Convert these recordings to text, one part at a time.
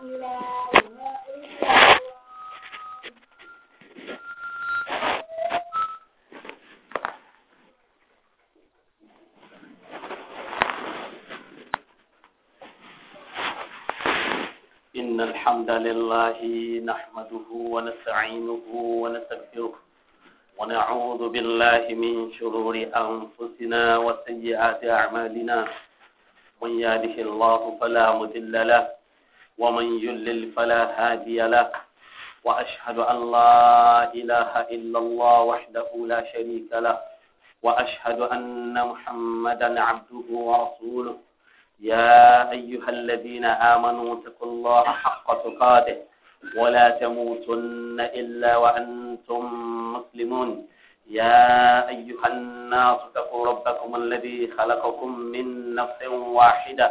إن الحمد لله نحمده ونستعينه ونستغفره ونعوذ بالله من شرور أنفسنا وسيئات أعمالنا من يهده الله فلا مضل له ومن يلل فلا هادي له وأشهد أن لا إله إلا الله وحده لا شريك له وأشهد أن محمدا عبده ورسوله يا أيها الذين آمنوا اتقوا الله حق تقاته ولا تموتن إلا وأنتم مسلمون يا أيها الناس اتقوا ربكم الذي خلقكم من نفس واحدة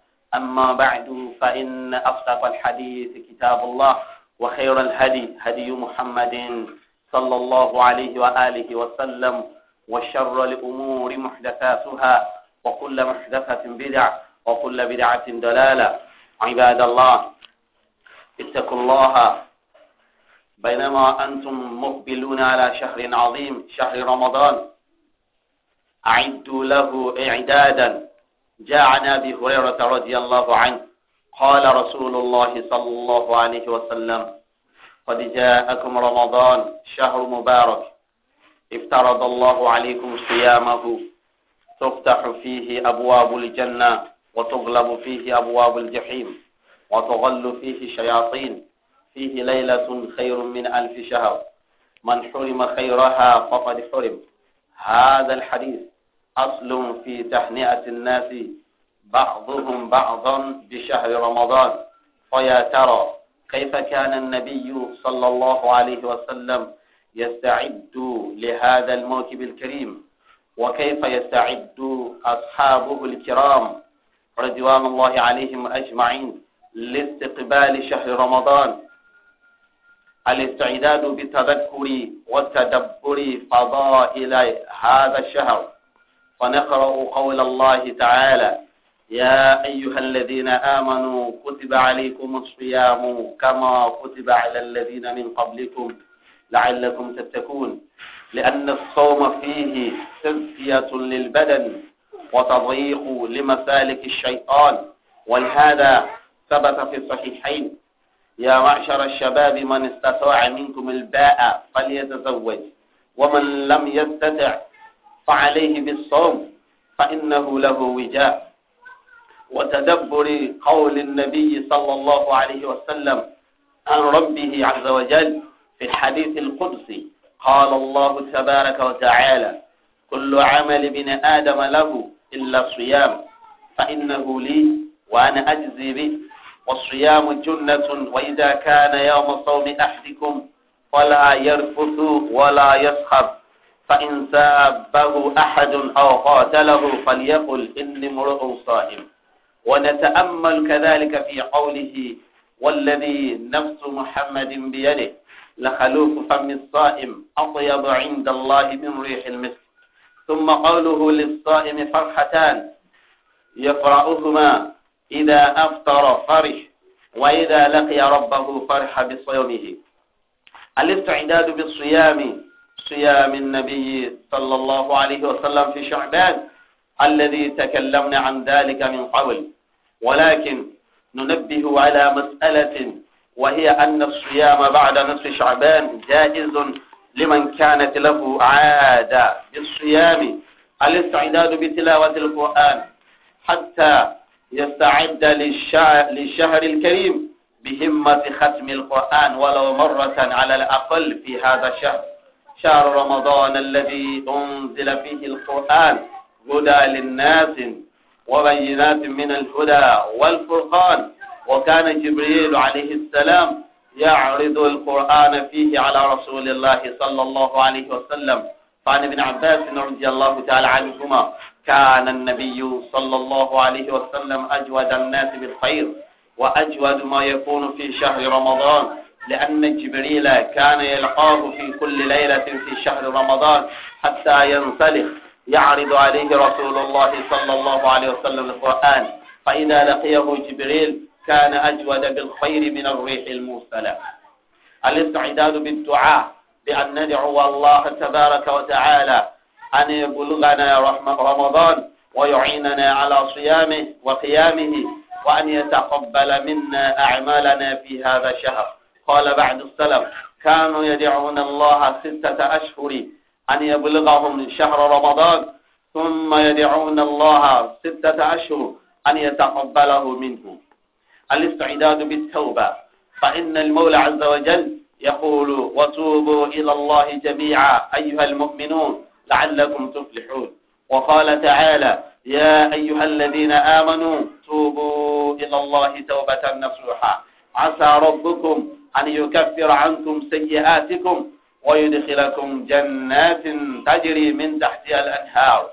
أما بعد فإن أصدق الحديث كتاب الله وخير الهدي هدي محمد صلى الله عليه وآله وسلم وشر الأمور محدثاتها وكل محدثة بدعة وكل بدعة دلالة عباد الله اتقوا الله بينما أنتم مقبلون على شهر عظيم شهر رمضان أعدوا له إعدادا جاء عن أبي هريرة رضي الله عنه قال رسول الله صلى الله عليه وسلم قد جاءكم رمضان شهر مبارك افترض الله عليكم صيامه تفتح فيه أبواب الجنة وتغلب فيه أبواب الجحيم وتغل فيه الشياطين فيه ليلة خير من ألف شهر من حرم خيرها فقد حرم هذا الحديث أصل في تهنئة الناس بعضهم بعضا بشهر رمضان فيا ترى كيف كان النبي صلى الله عليه وسلم يستعد لهذا الموكب الكريم وكيف يستعد أصحابه الكرام رضوان الله عليهم أجمعين لاستقبال شهر رمضان الاستعداد بالتذكر والتدبر فضائل هذا الشهر ونقرأ قول الله تعالى يا أيها الذين آمنوا كتب عليكم الصيام كما كتب على الذين من قبلكم لعلكم تتكون لأن الصوم فيه تزكية للبدن وتضييق لمسالك الشيطان ولهذا ثبت في الصحيحين يا معشر الشباب من استطاع منكم الباء فليتزوج ومن لم يستطع فعليه بالصوم فإنه له وجاء وتدبر قول النبي صلى الله عليه وسلم عن ربه عز وجل في الحديث القدسي قال الله تبارك وتعالى كل عمل ابن آدم له إلا الصيام فإنه لي وأنا أجزي به والصيام جنة وإذا كان يوم صوم أحدكم فلا يرفث ولا يسخر فإن سابه أحد أو قاتله فليقل إني امرؤ صائم ونتأمل كذلك في قوله والذي نفس محمد بيده لخلوق فم الصائم أطيب عند الله من ريح المسك ثم قوله للصائم فرحتان يفرأهما إذا أفطر فرح وإذا لقي ربه فرح بصيامه الاستعداد بالصيام صيام النبي صلى الله عليه وسلم في شعبان الذي تكلمنا عن ذلك من قبل ولكن ننبه على مسألة وهي أن الصيام بعد نصف شعبان جائز لمن كانت له عادة بالصيام الاستعداد بتلاوة القرآن حتى يستعد للشهر الكريم بهمة ختم القرآن ولو مرة على الأقل في هذا الشهر شهر رمضان الذي أنزل فيه القرآن هدى للناس وبينات من الهدى والفرقان وكان جبريل عليه السلام يعرض القرآن فيه على رسول الله صلى الله عليه وسلم فعن ابن عباس رضي الله تعالى عنهما كان النبي صلى الله عليه وسلم أجود الناس بالخير وأجود ما يكون في شهر رمضان لأن جبريل كان يلقاه في كل ليلة في شهر رمضان حتى ينسلخ يعرض عليه رسول الله صلى الله عليه وسلم القرآن فإذا لقيه جبريل كان أجود بالخير من الريح المرسلة الاستعداد بالدعاء بأن ندعو الله تبارك وتعالى أن يبلغنا رحمة رمضان ويعيننا على صيامه وقيامه وأن يتقبل منا أعمالنا في هذا الشهر قال بعد السلف كانوا يدعون الله ستة أشهر أن يبلغهم شهر رمضان ثم يدعون الله ستة أشهر أن يتقبله منهم الاستعداد بالتوبة فإن المولى عز وجل يقول وتوبوا إلى الله جميعا أيها المؤمنون لعلكم تفلحون وقال تعالى يا أيها الذين آمنوا توبوا إلى الله توبة نصوحا عسى ربكم أن يكفر عنكم سيئاتكم ويدخلكم جنات تجري من تحتها الأنهار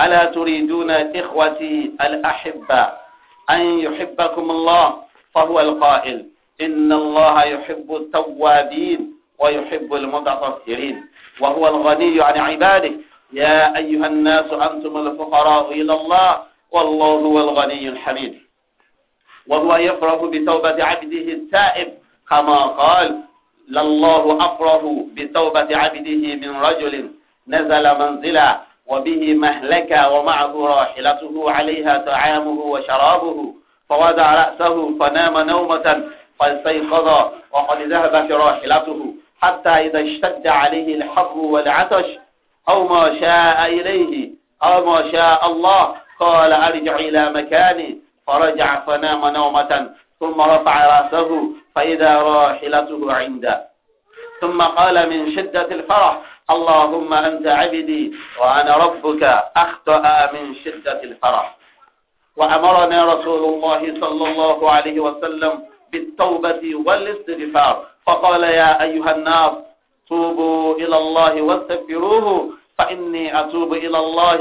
ألا تريدون إخوتي الأحبة أن يحبكم الله فهو القائل إن الله يحب التوابين ويحب المتطهرين وهو الغني عن عباده يا أيها الناس أنتم الفقراء إلى الله والله هو الغني الحميد وهو يفرح بتوبة عبده التائب كما قال لله أفرح بتوبة عبده من رجل نزل منزلا وبه مهلكا ومعه راحلته عليها طعامه وشرابه فوضع رأسه فنام نومة فاستيقظ وقد ذهبت راحلته حتى إذا اشتد عليه الحر والعطش أو ما شاء إليه أو ما شاء الله قال أرجع إلى مكاني فرجع فنام نومة ثم رفع رأسه فإذا راحلته عنده ثم قال من شدة الفرح اللهم أنت عبدي وأنا ربك أخطأ من شدة الفرح وأمرنا رسول الله صلى الله عليه وسلم بالتوبة والاستغفار فقال يا أيها الناس توبوا إلى الله واستغفروه فإني أتوب إلى الله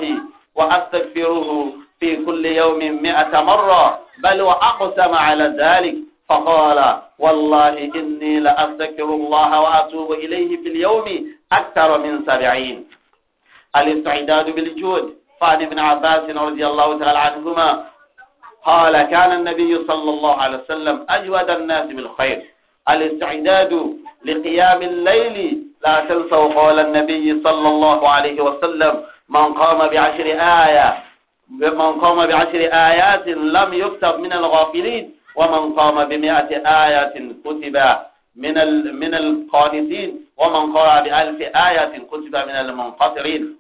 وأستغفره في كل يوم مئة مرة بل وأقسم على ذلك فقال والله إني لأذكر الله وأتوب إليه في اليوم أكثر من سبعين الاستعداد بالجود فعن ابن عباس رضي الله تعالى عنهما قال كان النبي صلى الله عليه وسلم أجود الناس بالخير الاستعداد لقيام الليل لا تنسوا قول النبي صلى الله عليه وسلم من قام بعشر آية من قام بعشر آيات لم يكتب من الغافلين ومن قام بمئة آية كتب من من القانتين ومن قرأ بألف آية كتب من المنقطرين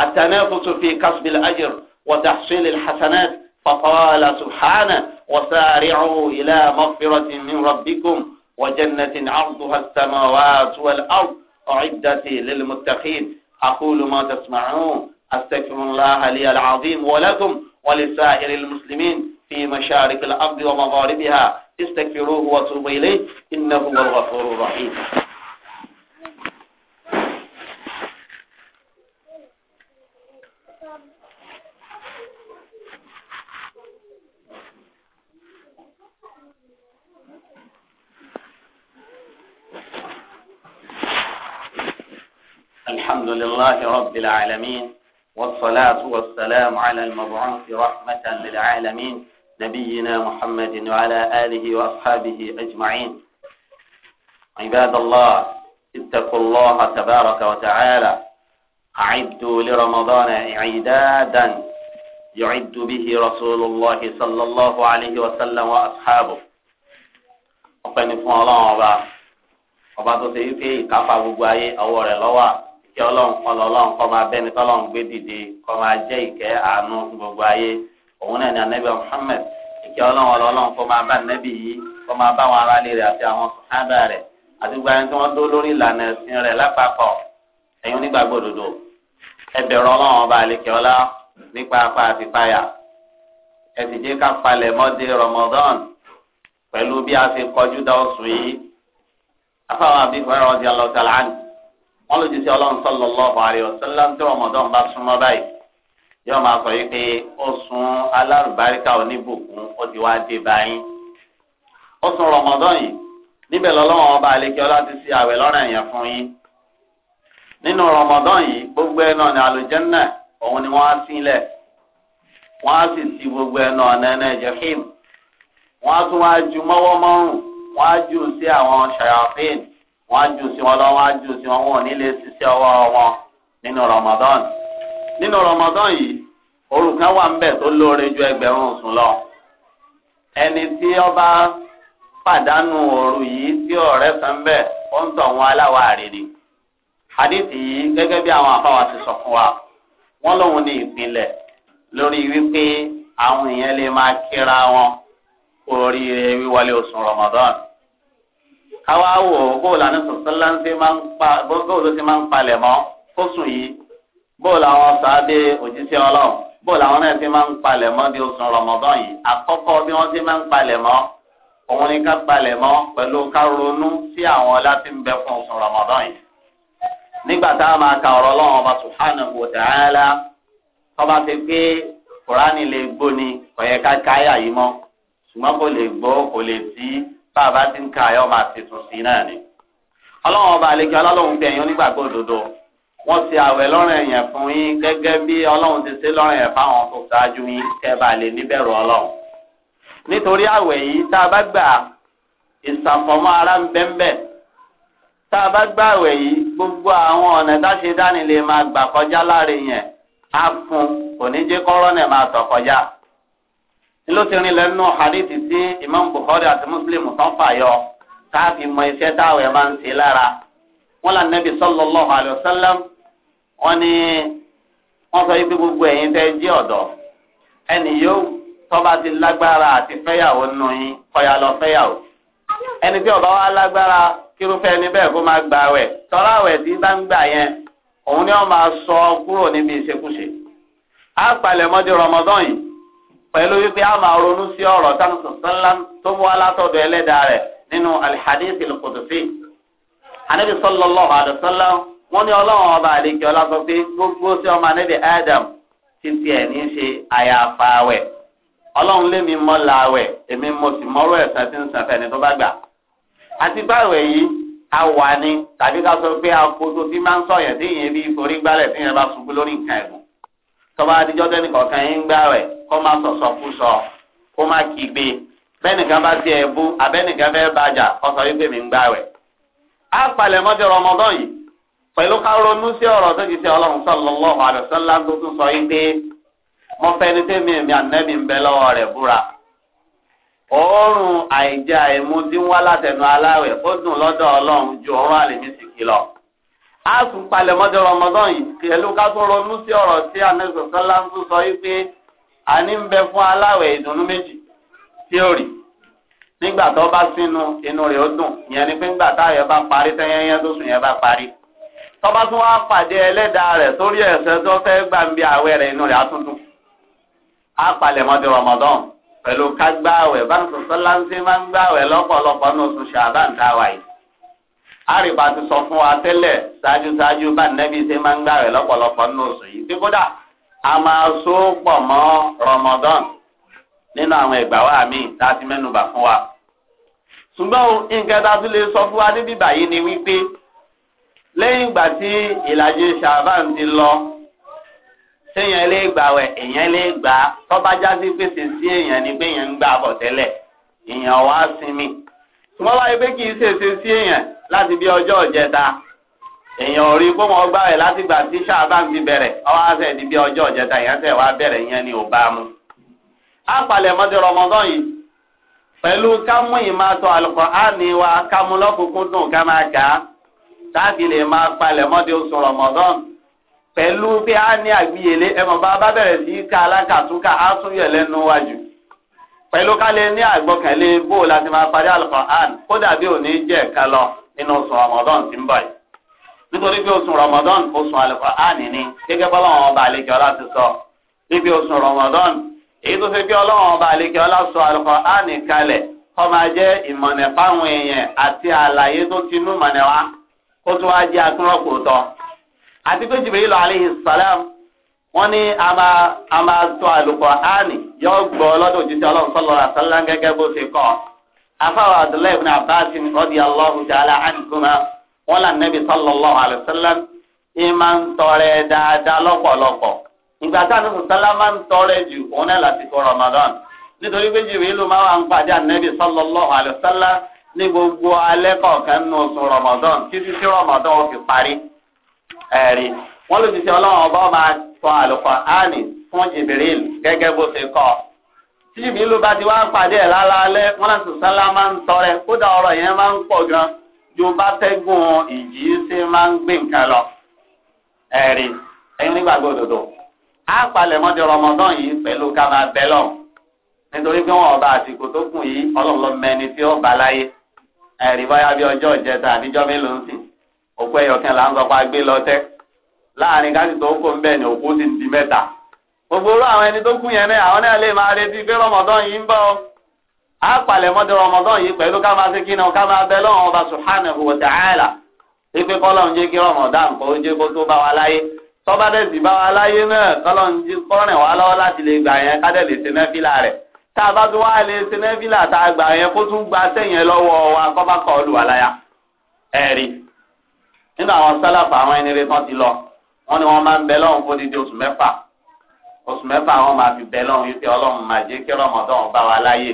التنافس في كسب الأجر وتحصيل الحسنات فقال سبحانه وسارعوا إلى مغفرة من ربكم وجنة عرضها السماوات والأرض أعدت للمتقين أقول ما تسمعون أستغفر الله لي العظيم ولكم ولسائر المسلمين في مشارق الأرض ومغاربها استغفروه وتوبوا إليه إنه هو الغفور الرحيم الحمد لله رب العالمين والصلاة والسلام على المبعوث رحمة للعالمين نبينا محمد وعلى آله وأصحابه أجمعين عباد الله اتقوا الله تبارك وتعالى أعدوا لرمضان إعدادا يعد به رسول الله صلى الله عليه وسلم وأصحابه ọpẹ́ ni fún Ọlọ́run ọba ọba tó ṣe wípé ìkápá gbogbo ayé ọwọ́ rẹ̀ ló wà kí Ọlọ́run kọlọ Ọlọ́run kọ máa bẹni tỌlọ́run gbé dìde kọ máa jẹ ìkẹ́ àánú gbogbo ayé òun náà ni anabi Muhammad ìkẹ́ ọlọ́run ọlọ́run kó máa bá nẹ́bì yìí kó máa bá àwọn aráalé rẹ̀ àti àwọn sábà rẹ̀ àti gbogbo ẹni tí wọ́n dó lórí ìlànà ẹ̀sìn rẹ̀ lápapọ̀ ẹ̀yin onígbàgbọ́ òdodo ẹ bẹ̀rù ọlọ́run ọba àlekẹ́ ọlá nípa apá àti páyà ẹ sì jẹ́ ká palẹ̀ mọ́dé Ramadan pẹ̀lú bí a ṣe kọjú dá yìí afáwọn àbí fẹ́ràn ọdí ọlọ́tàlá wọn lójú sí ọlọ́run sallallahu yóò máa sọ yìí pé ọ̀sùn alárùbáríkà oníbùkún ó ti wá dé báyìí ọ̀sùn rọmọdán yìí níbẹ̀ lọ́lọ́wọ́n ọba àlekẹ́ ti ṣe àwẹ̀ lọ́rọ̀ ẹ̀yàn fún yín nínú rọmọdán yìí gbogbo ẹ̀ ní àlùjánnà òun ni wọ́n á sílẹ̀ wọ́n á sì ti gbogbo ẹ̀ náà nẹ́nẹ́ jẹ́hìm wọ́n á tún wá ju mọ́wọ́ mọ́rùn wọ́n á jù sí àwọn ṣàyàfín wọ́n á jù sí wọn lọ́wọ́ wọ́n á jù sí wọn wọn ò ní nínú Ramadan yìí òru kan wà ń bẹ tó lóore ju ẹgbẹ̀rún oṣù lọ ẹni tí ọba pàdánù òru yìí tí ọ̀rẹ́ kan bẹ ó ń tọ̀ wọn aláwàárí ni hadithi yìí gẹ́gẹ́ bí àwọn afáwa ti sọ fún wa wọ́n lóun ní ìpìlẹ̀ lórí wípé àwọn èèyàn lè máa kíra wọn oríire wíwọlé oṣù Ramadan káwá wò bóòlù àníṣòṣe láńṣe máa ń pa bóòlù ti máa ń palẹ̀ mọ́ fóṣù yìí bóòlù àwọn sàádé òjíṣẹ́ ọlọ́run bóòlù àwọn náà ti máa ń palẹ̀ mọ́ di oṣù rọmọdán yìí àkọ́kọ́ bí wọ́n ti máa ń palẹ̀ mọ́ òun ni ká palẹ̀ mọ́ pẹ̀lú ká ronú sí àwọn ọlá tí ń bẹ fún oṣù rọmọdán yìí nígbà tá a máa ka ọ̀rọ̀ ọlọ́run ọba subhanahu wa ta'ala tọ́ba ti pé kùránì lè gbó ni kò yẹ ká káyà yìí mọ́ ṣùgbọ́n kò lè gbó kò lè tí bá a bá ti ń ka ayọ́ máa ti tún sí náà ni ọlọ́run ọba àlejò alálòhùn bẹ̀yìn wọ́n ti àwẹ̀ lọ́rùn ẹ̀yẹ̀ fún yín gẹ́gẹ́ bí ọlọ́run ti ṣe lọ́rùn ẹ̀ fáwọn tó ṣáájú yín kẹ́ bá lè níbẹ̀rù ọlọ́run. nítorí àwẹ̀ yìí tá a bá gbà ìsànfọ̀mọ́ ara ń bẹ́ńbẹ́ tá a bá gbà àwẹ̀ yìí gbogbo àwọn ọ̀nà táṣe dání lè máa gbà kọjá láre yẹn á fún kò ní jẹ́ kọ́rọ́ náà máa tọ̀ kọjá. ló ti rin lẹ́nu hadithi tí Imam Bukhari àti Muslim tán fàyọ káàfin mọ iṣẹ́ táwẹ̀ máa ń ṣe lára wọn là nẹ́bi sallallahu alaihi wasallam wọ́n ní wọ́n sọ wípé gbogbo ẹ̀yin fẹ́ jẹ́ ọ̀dọ́ ẹnì yóò tọ́ba ti lágbára àti fẹ́yàwó nù yín kọ́ya lọ fẹ́yàwó ẹni tí ọba wa lágbára kírúfẹ́ ẹni bẹ́ẹ̀ kó máa gbà wẹ̀ tọ́lá wẹ̀ tí bá ń gbà yẹn òun ni wọ́n máa sọ kúrò níbi ìṣekúṣe á palẹ̀ mọ́dé rọmọdán yìí pẹ̀lú wípé a máa ronú sí ọ̀rọ̀ táǹsán tó mú wa ẹlẹ́dàá rẹ̀ nínú alihadith al-qudusi anabi sallallahu alayhi wa wọ́n ní ọlọ́run ọba àlekè ọlá sọ pé gbogbo sí ọmọ anẹ́bí Adam ti tiẹ̀ ní í ṣe àyàfà wẹ̀ ọlọ́run lé mi mọ́ la wẹ̀ èmi mo sì mọ́rọ́ ẹ̀sán tí ń sàn fẹ́ni tó bá gbà àti báwẹ̀ yìí a wà ní tàbí ká sọ pé akoto tí máa ń sọ̀yẹ̀ tí ìyẹn bí forí gbálẹ̀ tí ìyẹn bá ṣubú lórí nǹkan ẹ̀gùn tọ́ba adijọ́ tẹ́nì kọ̀ọ̀kan yín gbà wẹ̀ kó má sọ̀sọ̀ kú sọ kó má kígbe bẹ́ẹ̀nìkan bá tiẹ̀ bú abẹ́nìkan fẹ́ bàjà kó sọ wípé mi ń gbà wẹ̀ á palẹ̀ mọ́tò Ramadan yìí pẹ̀lú ká ronú sí ọ̀rọ̀ tó ti ṣe ọlọ́run sallallahu alaihi wasallam tó tún sọ yín pé mo fẹ́ ni tèmi èmi ànẹ́bí ń bẹ lọ́wọ́ rẹ̀ búra. òórùn àìjẹ àìmu tí ń wá látẹnu aláwẹ̀ ó dùn lọ́dọ̀ ọlọ́run ju òórùn àlèmí sì kí lọ. a tún palẹ̀ mọ́jọ rọmọdán yìí pẹ̀lú ká tún ronú sí ọ̀rọ̀ tí ànẹ́bí sọ́lá ń tún sọ yín pé àní ń bẹ fún aláwẹ̀ ìdùnnú méjì tí ó rí nígbà tó bá sínú inú rẹ̀ ó dùn ìyẹn ni pé ńgbà táyọ̀ bá parí tẹ́yẹ́yẹ́ tó sùn yẹn bá parí tọ́ba tún wá pàdé ẹlẹ́dàá rẹ̀ sórí ẹ̀sẹ̀ tó fẹ́ gbà ń bí àwẹ̀ rẹ̀ inú rẹ̀ àtúntún. á palẹ̀ mọ́ di Ramadan pẹ̀lú ká gbààwẹ̀ bá ń sọ̀tọ́ láńsí máa ń gbààwẹ̀ lọ́pọ̀lọpọ̀ ní oṣù ṣàbá ń dáwà yìí. àrìbá ti sọ fún wa tẹ́lẹ̀ ṣáájú ṣáájú bá nẹ́bí ṣe máa ń gbààwẹ̀ lọ́pọ̀lọpọ̀ ní oṣù yìí. tí kódà a máa so pọ̀ mọ́ Ramadan nínú àwọn ìgbà wa míì tá a ti mẹ́nubà fún wa. ṣùgbọ́n nǹkan tá a tún lè sọ fún wa níbí báyìí ni wípé lẹ́yìn ìgbà tí ìlàjì ṣàbàn ti lọ séèyàn lè gbà wẹ̀ èèyàn lè gbà á tọ́bajá sí pèsè sí èèyàn ni pé èèyàn ń gbà bọ̀ tẹ́lẹ̀ èèyàn wá sinmi ṣùgbọ́n wáyé pé kì í ṣèṣe sí èèyàn láti bí ọjọ́ ìjẹta èèyàn ò rí pé wọ́n gbà wẹ̀ láti gbà tí ṣàbàn ti bẹ̀rẹ̀ ọwọ́ àṣẹ ìdí bí ọjọ́ ìjẹta èèyàn tẹ̀ wá bẹ̀rẹ̀ ìyẹn ni ò bá mu. á palẹ̀ mọ́tò rọmọdán yìí pẹ̀lú kámú ìmàtọ̀ àlùkò táàbì lè máa palẹ̀ mọ́dé oṣù ọmọdọn. pẹ̀lú pé a ní àgbìyèlé ẹ̀mọ̀ bá bá bẹ̀rẹ̀ sí ká alákàtúnkà á tún yẹ̀ lẹ́nu wájú pẹ̀lú ká lè ní àgbọ̀kànlé bó láti máa parí al kódà bí ò ní jẹ́ ẹ̀ka lọ nínú oṣù ń bọ̀ yìí nítorí pé oṣù oṣù ni gẹ́gẹ́ ọba àlejò ọlá ti sọ níbi oṣù èyí tó fi kó tún wáá jẹ́ akúnrán salam ní a máa a máa tọ́ al yóò gbọ́ bó ṣe afáwọn wọn là nẹ́bi sallallahu alaihi wasallam ẹ máa ń tọrẹ dáadáa lọ́pọ̀lọpọ̀ ìgbà táwọn ọ̀sán sálá máa ń tọrẹ jù òun náà Ramadan nítorí pé Jibril ló máa ń pàdé ní gbogbo alẹ́ kọ̀ọ̀kan nínú oṣù Ramadan títí tí Ramadan fi parí ẹ̀rí wọ́n ló ti ṣe ọlọ́run ọba máa sọ Al-Qur'ani fún Jibril gẹ́gẹ́ bó ṣe kọ́ tí Jibril bá ti wá pàdé ẹ̀ lálálẹ́ wọ́n náà sùn sálá máa ń tọrẹ kódà ọ̀rọ̀ yẹn máa ń pọ̀ gan ju bátẹ́gùn ìjì ṣe máa ń gbé nǹkan lọ ẹ̀rí ẹ̀yin nígbàgbọ́ òdodo á palẹ̀ mọ́dé Ramadan yìí pẹ̀lú ká máa bẹ́ lọ nítorí pé wọn ọba àsìkò tó kù yìí ọlọ́run lọ mẹni tí ó bá láyé ẹ̀rí baya bí ọjọ́ ìjẹta àbíjọ́ mélòó ń sìn òkú ẹ̀yọ̀kẹ́ là ń sọ pé gbé láàrin káàdì tó kó ń bẹ̀ ni òkú ti di mẹ́ta gbogbo àwọn ẹni tó kú yẹn náà àwọn náà lè máa retí pé rọmọdán yìí ń bọ̀ á palẹ̀ mọ́tò pẹ̀lú ká máa ṣe kí ni ká máa bẹ ọba tá a bá tún wá lè ṣe nẹ́fìlà tá a gbà yẹn kó tún gba sẹ́yìn lọ́wọ́ wa kọ́ bá kọ́ olùwàláyà ẹ̀rí nínú àwọn sálàfà àwọn ẹni rẹ tán ti lọ wọn ni wọn máa ń bẹ lọ́hùn fún dídí oṣù mẹ́fà oṣù mẹ́fà wọn máa fi bẹ lọ́hùn yìí pé ọlọ́run máa jẹ́ kí rọmọdọ́n bá wa láyé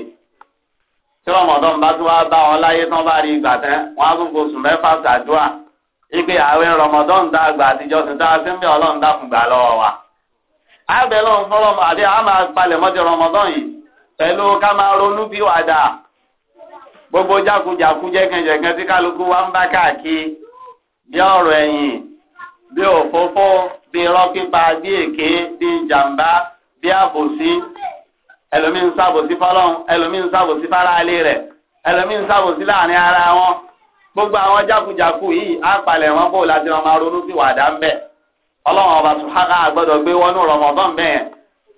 tí rọmọdọ́n bá tún wá bá wọn láyé tán bá rí ìgbà tán wọn á tún oṣù mẹ́fà ṣàdúrà ipe àwẹ̀ rọmọdọ́n tá a gbà àtijọ́ sí tá a ń bẹ ọlọ́run dákun gbà lọ́wọ́ wa. á bẹ lọ́hùn fọlọ́mọ àbí a máa palẹ̀ mọ́jọ yìí pẹ̀lú ká máa ronú bí wàdà gbogbo jákujàku jẹ́kẹ̀jẹ̀kẹ́ tí kálukú wa ń bá káàkiri bí ọ̀rọ̀ ẹ̀yìn bí òfófó bí irọ́ pípa bí èké bí jàǹbá bí àbòsí ẹlòmíì ń ṣàbòsí fọlọ́run ẹlòmíì ń ṣàbòsí fáráalé rẹ̀ ẹlòmíì ń ṣàbòsí láàrin ara wọn gbogbo àwọn jákujàku yìí á palẹ̀ wọn kó láti wọn máa ronú sí wàdà ń bẹ̀ ọlọ́run ọba sùhárà gbọ́dọ̀ gbé wọnú rọmọdán bẹ́ẹ̀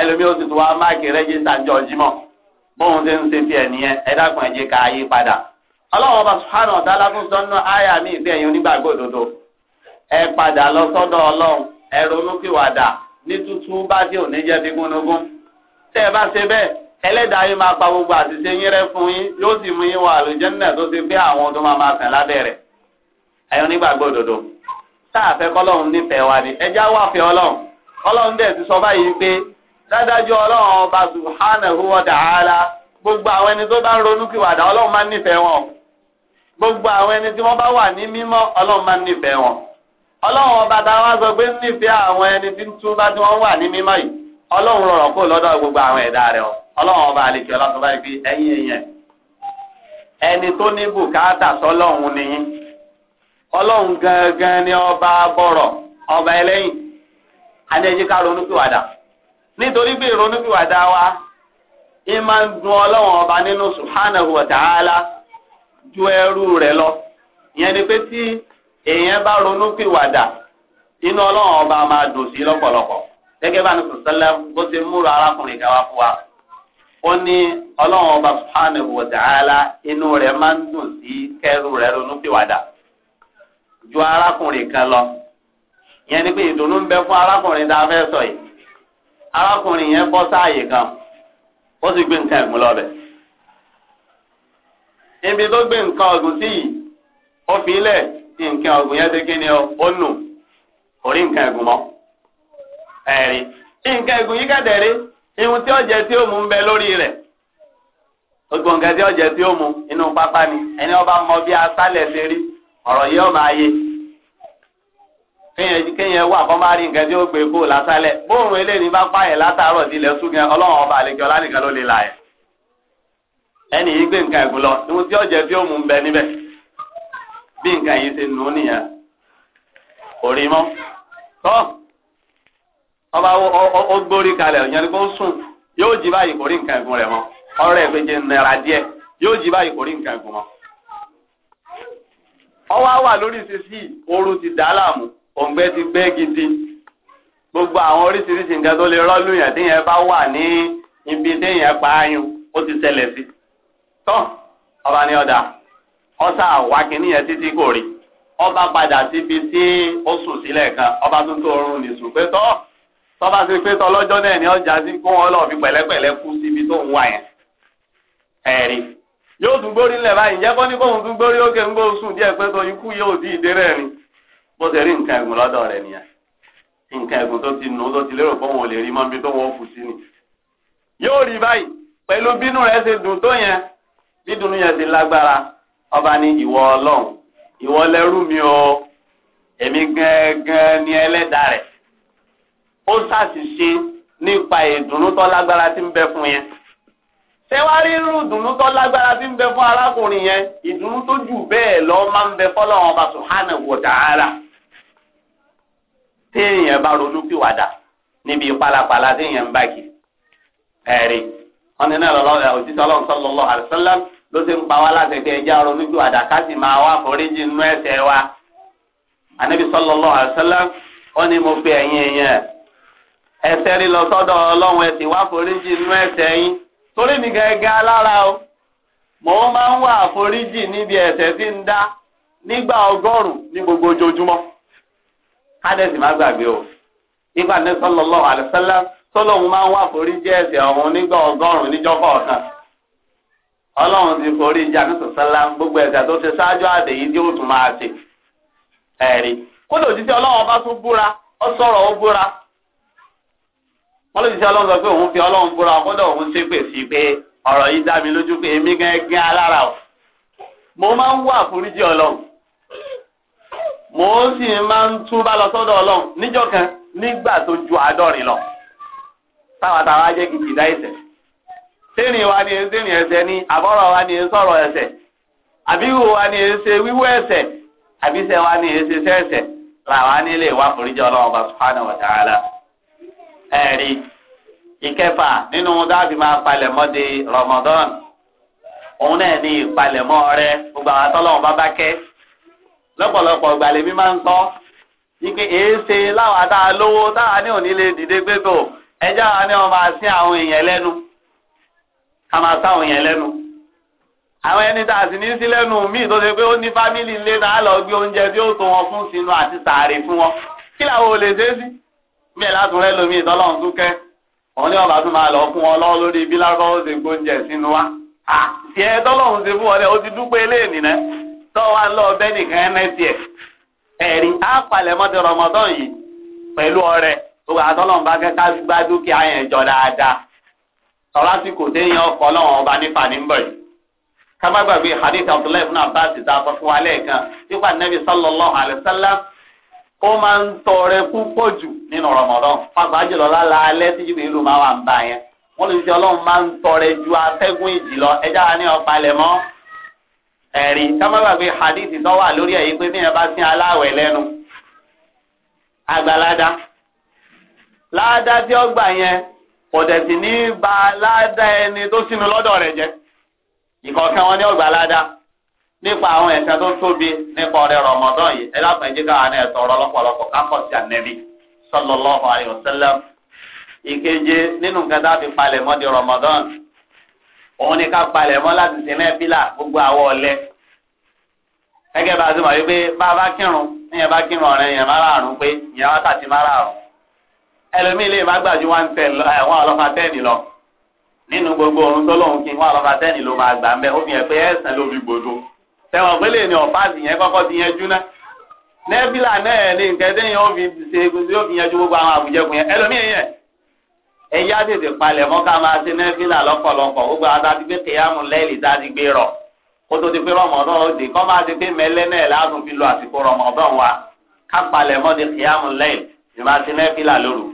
ẹlòmí ó sì tún wá máàkì rẹ́gísítà ń jọ jímọ̀ bóun ṣe ń ṣe tiẹ̀ nìyẹn ẹ dákun ẹ jẹ́ ká yí padà. ọlọ́run ọba sùhánù ọ̀tá aláfúnṣọ́ náà àyà mi ìfẹ́ ẹ̀yin onígbàgbọ́ òdodo ẹ padà lọ sọ́dọ̀ ọlọ́run ẹ ronúkìwàdà ní tuntun bá tí ò ní jẹ́ fi gúnugún. tẹ́ ẹ bá ṣe bẹ́ẹ̀ ẹlẹ́dàá yín máa pa gbogbo àṣìṣe yín rẹ́ fún yín yóò sì mú yín wọ àlùjẹ́nà tó ti pé àwọn tó máa máa sàn lábẹ́ rẹ̀ ẹ̀yin wa ni ẹjá wà fẹ́ ọlọ́run ọlọ́run dẹ̀ dájú ọlọ́run ọba subhanahu wa ta'ala gbogbo àwọn ẹni tó bá ń ronúkìwàdà ọlọ́run máa ń nífẹ̀ẹ́ wọn gbogbo àwọn ẹni tí wọ́n bá wà ní mímọ́ ọlọ́run máa ń nífẹ̀ẹ́ wọn ọlọ́run ọba tá a wá sọ pé nífẹ̀ẹ́ àwọn ẹni tí ń túbá tí wọ́n wà ní mímọ́ yìí ọlọ́run rọrọ̀ kó lọ́dọ̀ gbogbo àwọn ẹ̀dá rẹ̀ ọ ọlọ́run ọba àlejò ọlọ́run bá fi ẹ̀yìn èèyàn ẹni tó ní bùkátà sọlọ́run nìyí ọlọ́run gangan ni ọba bọ̀rọ̀ ọba ẹlẹ́yìn adéjì ká ronú pìwàdà nítorí pé ìrònúpìwàdà wa ẹ máa ń dùn ọlọ́wọ́n ọba nínú subhanahu wa ta'ala ju ẹrú rẹ̀ lọ ìyẹn ni pé tí èèyàn bá ronúpìwàdà inú ọlọ́wọ́n ọba máa dùn sí lọ́pọ̀lọpọ̀ gẹ́gẹ́ bá ní sọ̀tẹ́lẹ̀ bó ti múra arákùnrin kan wá fún wa ó ní ọlọ́wọ́n ọba subhanahu wa ta'ala inú rẹ̀ máa ń dùn sí kẹrù rẹ̀ ronúpìwàdà ju arákùnrin kan lọ ìyẹn ni pé ìdùnnú ń bẹ fún arákùnrin tá a fẹ́ sọ yìí. arákùnrin yẹn bọ́ sáàyè kan ó sì gbé nǹkan ẹ̀gbọ́n lọ́bẹ̀. ibi tó gbé nǹkan ọ̀gùn sí yìí ó fi ilẹ̀ tí nǹkan ọ̀gùn yẹn ti nù orí nǹkan mọ́ ẹ̀rí. nǹkan yìí ihun tí ó tí ó mú ń bẹ lórí rẹ̀ gbogbo nǹkan tí ó tí ó mú inú pápá ni ẹni ọba mọ bí asálẹ̀ ṣe rí ọ̀rọ̀ yìí kéèyàn kéèyàn wà kọ́ máa rí nǹkan tí ó gbé kó lásálẹ̀ bóun eléyìí bá pààyàn látàárọ̀ tilẹ̀ sùn yẹn ọlọ́run ọba àlejò ọlánìkan ló lè là ẹ̀. ẹnì yìí gbé nǹkan ẹ̀gùn lọ ohun tí ọ̀jẹ̀ tí ó mú un bẹ níbẹ̀ bí nǹkan yìí ṣe nù ú nìyẹn kò rí mọ́. tọ́ ọba ó gbórí kalẹ̀ ìyẹn ni kó sùn yóò jí báyìí kò rí nǹkan ẹ̀gùn rẹ̀ mọ́ ọ̀rẹ́ ẹ̀ péjẹ díẹ̀ yóò jí ti òǹgbẹ ti gbé gidi gbogbo àwọn oríṣiríṣi nǹkan tó lè rọ́ọ̀lù yẹn tí yẹn bá wà ní ibi tí yẹn pa ayùn ó ti ṣẹlẹ̀ sí tán ọba ní ọ̀dà ọ̀sà yẹn títí kò rí ọba padà síbi tí ó sùn sílẹ̀ ọba tó tó oorun ní sùn pé tọ́ba ti pé tọ́ lọ́jọ́ náà ní ọjà sí kó wọn lọ́ọ́ fi pẹ̀lẹ́pẹ̀lẹ́ kú síbi tó ń wà yẹn ẹ̀rí yóò tún gbórí ńlẹ̀ báyìí ní tún gbórí di ni. bó ṣe rí nǹkan ẹ̀gùn lọ́dọ̀ rẹ̀ nìyẹn nǹkan ẹ̀gùn tó ti nù tó ti lérò pé òun ò lè rí mọ́bí tó wọ́n kù sí ni. yóò rí báyìí pẹ̀lú bínú rẹ̀ ṣe dùn tó yẹn dídùnú yẹn ti lágbára ọba ní ìwọ ọlọ́run ìwọ lẹ́rú mi o èmi gangan ni ẹlẹ́dàá rẹ̀ ó ṣàṣìṣe nípa ìdùnnú tó lágbára tí ń bẹ fún yẹn ṣé wàá rí irú ìdùnnú tó lágbára tí ń bẹ fún arákùnrin yẹn ìdùnnú tó jù bẹ́ẹ̀ lọ máa ń bẹ fọlọ́run ọba subhanahu wa ta'ala téèyàn bá ronú pìwàdà níbi pálapàla téèyàn ń bá ẹ̀rí wọn ní náà lọ́lọ́ òjíṣẹ́ ọlọ́run sallallahu alaihi wasallam ló ti ń pa wá láti pé ẹjẹ́ ronú pìwàdà ká sì máa wá foríjì wa ànábì wọn ni mo pe ẹ̀yin èèyàn ẹ̀ṣẹ̀ rí lọ sọ́dọ̀ ọlọ́run sì wá foríjì yín torí mi gẹ́gẹ́ alára o mò ń máa ń wá foríjì níbi tí ń dá nígbà ọgọ́rùn hádẹ́sì má gbàgbé o nígbà ní sallallahu Sọlọ tọ́lọ́hún máa ń wá forí jẹ́ ẹ̀ṣẹ̀ ọ̀hún nígbà ọgọ́rùn-ún níjọ́kọ̀ ọ̀kan ọlọ́run ti forí jẹ́ àníṣọ̀sálá gbogbo ẹ̀ṣẹ̀ tó ṣe ṣáájú àdè yìí tí ó tún máa ọba tún búra sọ̀rọ̀ ó búra wọ́n ọlọ́run sọ pé òun fi ọlọ́run búra òun sí pé ọ̀rọ̀ yìí dá mi lójú mò ń sì máa ń tún bá lọ sọ́dọ̀ ọlọ́run níjọ́ kan nígbà tó ju àádọ́rin lọ táwa táwa jẹ́ kìkìdá ẹsẹ̀ sẹ́ni wa ni sẹ́ni ẹsẹ̀ ni àbọ̀rọ̀ wa ni sọ̀rọ̀ ẹsẹ̀ àbíwò wa ni ṣe wíwò ẹsẹ̀ àbíṣẹ́ wa ni ṣe sẹ́ẹ̀sẹ̀ làwa nílé wa foríjì ọlọ́run bá subhanahu wa ta'ala ẹ̀rí ìkẹfà nínú dábì máa palẹ̀mọ́ de Ramadan òun náà ní ìpalẹ̀mọ́ rẹ gbogbo àwọn atọ́lọ́run bá bá kẹ́ lọ́pọ̀lọpọ̀ ìgbàlè mi máa ń gbọ́ wípé èéṣe láwọn adá lówó táwa ní òní lè dìde gbégbò ẹjọ́ àwa ní wọn máa sín àwọn èèyàn lẹ́nu ká máa sáwọn èèyàn lẹ́nu àwọn ẹni tá a sì ní sí lẹ́nu míì tó ṣe pé ó ní fámìlì ilé náà lọ gbé oúnjẹ tí ó tó wọn fún sínú àti sàárè fún wọn kí làwọn ò lè ṣe é sí bẹ́ẹ̀ látún rẹ lómi ìtọ́lọ́run tún kẹ́ òun ní ọ̀bà tún máa lọ fún wọn lọ́wọ́ lórí bí lárúbáwọ́ ṣe gbóúnjẹ sínú wa àti ẹ̀ tọ́wọ́ lọ bẹ́ẹ̀ nìkan msdf ẹ̀rí á palẹ̀ mọ́tò rọmọdán yìí pẹ̀lú ọrẹ gbogbo àtọ́lọ́n bá kẹ́ká gbá dúkìá yẹn jọ dáadáa sọ̀rọ̀ àsìkò téèyàn ọkọ̀ ọlọ́run ọba nípa ta fún wa lẹ́ẹ̀kan nípa sallallahu alayhi wa sallam ó máa ń tọrẹ púpọ̀ jù nínú jùlọ lálẹ́ tí jùlọ ìlú máa wà ń bá yẹn wọ́n lè ṣe ọlọ́run máa ń tọrẹ ju atẹ́gùn ìjì lọ ẹ̀rí kámábà pé hadithi tó wà lórí ẹ̀yí pé bíyẹn bá sín aláwẹ̀ lẹ́nu àgbàládá láàdá tí ó gbà yẹn ní ba láàdá ẹni tó sínú lọ́dọ̀ rẹ̀ jẹ́ ìkọ̀ọ̀kan wọn ní ọgbà ládá nípa àwọn tó tóbi nípa ọ̀rẹ́ yìí ẹ lápẹ̀ lọ́pọ̀lọpọ̀ sí ànẹ́bí ìkeje nínú òun ni ká palẹ̀ mọ́ láti ṣe nẹ́fílà gbogbo àwọ̀ ọ̀lẹ́ gẹ́gẹ́ bá a ti mọ̀ wípé bá a bá kírun níyẹn bá kírun ọ̀rẹ́ yẹn márààrún pé ìyẹn wákàtí márààrún ẹlòmíì lè má gbàjú wá ń tẹ̀ wọ́n ọlọ́fà eh, tẹ́ẹ̀nì lọ nínú gbogbo ohun tó lóun kí wọ́n ọlọ́fà tẹ́ẹ̀nì ló máa gbà ń bẹ́ obìnrin pé ẹ̀sán ló fi gbòdo tẹ̀wọ̀n pé lè ní ọ̀fà sì yẹn nẹ́bílà náà ní nǹkan tẹ́yìn ó fi ṣe yóò fi yẹn gbogbo àwọn àbújẹ́kùn yẹn ẹlòmíì yẹn ẹ̀yà tètè palẹ̀ mọ́ ká máa ṣe nẹ́fìlà lọ́pọ̀lọpọ̀ gbogbo àtàdé gbé kéyàmù lẹ́yìn gbé rọ̀ ti pé rọmọdán ó di kọ́ máa ti pé mẹ́lẹ́ náà fi àsìkò wa ká palẹ̀ mọ́ di kéyàmù lẹ́yìn ní máa ṣe nẹ́fìlà lóru.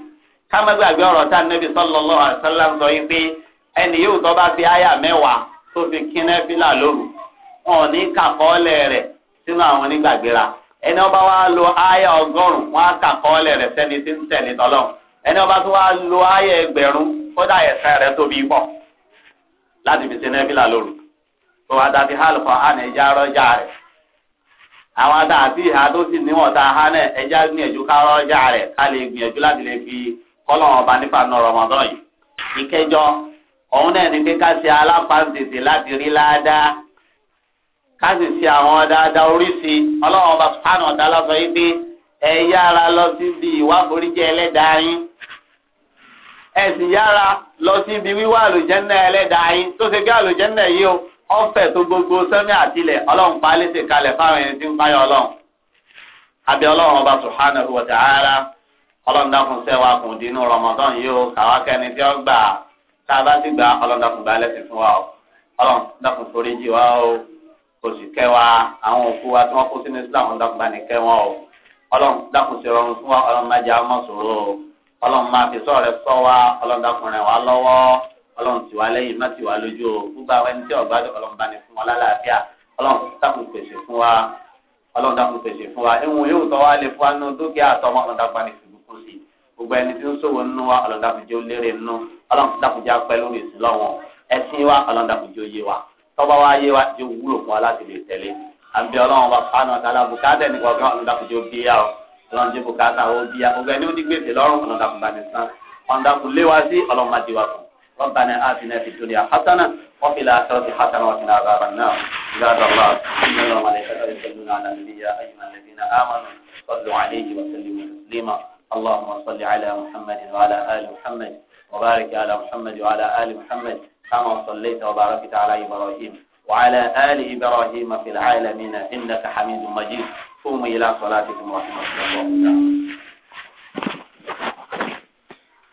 ká má gbàgbé ọ̀rọ̀ tá nẹ́bí yín pé ẹni yóò ẹni ọba tó wá lo ayé ẹgbẹ̀rún kódà ẹ̀sẹ̀ rẹ̀ tóbi pọ̀ láti fi ṣe nẹ́fìlà lóru tó wá dàbí hàlùkọ́ àná ẹja rọ́jà rẹ̀ àwọn ata àti ìhà tó sì níwọ̀n tá a há náà ẹja gbìyànjú ká rọ́jà rẹ̀ ká lè gbìyànjú láti lè fi kọ́lọ́run ọba nípa nù Ramadan yìí ìkẹjọ òun náà ní pé ká ṣe alápàǹtẹ̀tẹ̀ láti rí ládàá ká sì ṣe àwọn dáadáa oríṣi ọlọ́run ọba sùpánù ọ̀dá lọ́sọ yìí pé ẹ yára lọ síbi ìwà foríjì ẹlẹ́dàá yín ẹ sì yára lọ síbi wíwá àlùjẹ́nà ẹlẹ́dàá yín tó ṣe bí àlùjẹ́nà yìí o ọ̀fẹ́ tó gbogbo sẹ́mi àtìlẹ̀ ọlọ́run pa alẹ́ ṣèkalẹ̀ fáwọn ẹni tí ń payọ̀ ọlọ́run àbí ọlọ́run ọba subhanahu wa ta'ala ọlọ́run dákun sẹ́wà kùn dínú rọmọdán yìí o kàwá kẹni tí ó gbà tá a bá ti gbà ọlọ́run dákun gba lẹ́sìn fún wa o ọlọ́run dákun foríjì wa o kò sì àwọn òkú wa tí wọ́n kó sínú islam ọlọ́run dákun bá ní kẹ́ o ọlọ́run dákun sí ọrùn fún wa ọlọ́run má jẹ́ ọmọ sòrò ọlọ́run máa fi sọ́ọ̀ rẹ sọ́ wa ọlọ́run dákun rẹ̀ wá lọ́wọ́ ọlọ́run tì wá lẹ́yìn má tì wá lójú o gbogbo àwọn ẹni tí ọ̀gbá ọlọ́run bá ní fún wa lálàáfíà ọlọ́run dákun pèsè fún wa ọlọ́run dákun pèsè fún wa ìwọ̀n yóò tọ́ wa lè fún wa nínú dúkìá àtọmọ ọlọ́run dákun ní fìdúkú sí gbogbo ẹni tí ń ṣòwò nínú wa ọlọ́run dákun jẹ́ ó nínú ọlọ́run dákun jẹ́ apẹ́ lórí ìsìn lọ́wọ́ ẹ̀sìn wa ọlọ́run dákun jẹ́ ó wa tọ́ba wa yé wa jẹ́ wúlò fún wa láti lè tẹ̀lé àbí ọlọ́run bá fánà kálá bùkátà ẹnì kọ̀ọ̀kan ọ̀nàdàkùnjẹ́ òbí yá o ọlọ́run jẹ́ bùkátà òbí yá ọgbẹ́ ní ó ti gbèsè lọ́rùn ọ̀nàdàkùn bá ní sàn ọ̀nàdàkùn léwá sí ọlọ́run má di wá fún ربنا آتنا في الدنيا حسنة وفي الآخرة حسنة وقنا عذاب النار عباد الله إن الله وملائكته يصلون على النبي يا أيها الذين آمنوا صلوا عليه وسلموا تسليما اللهم صل على محمد وعلى آل محمد وبارك على محمد وعلى آل محمد كما صليت وباركت على إبراهيم وعلى آل إبراهيم في العالمين إنك حميد مجيد قوموا إلى صلاتكم ورحمة الله تعالى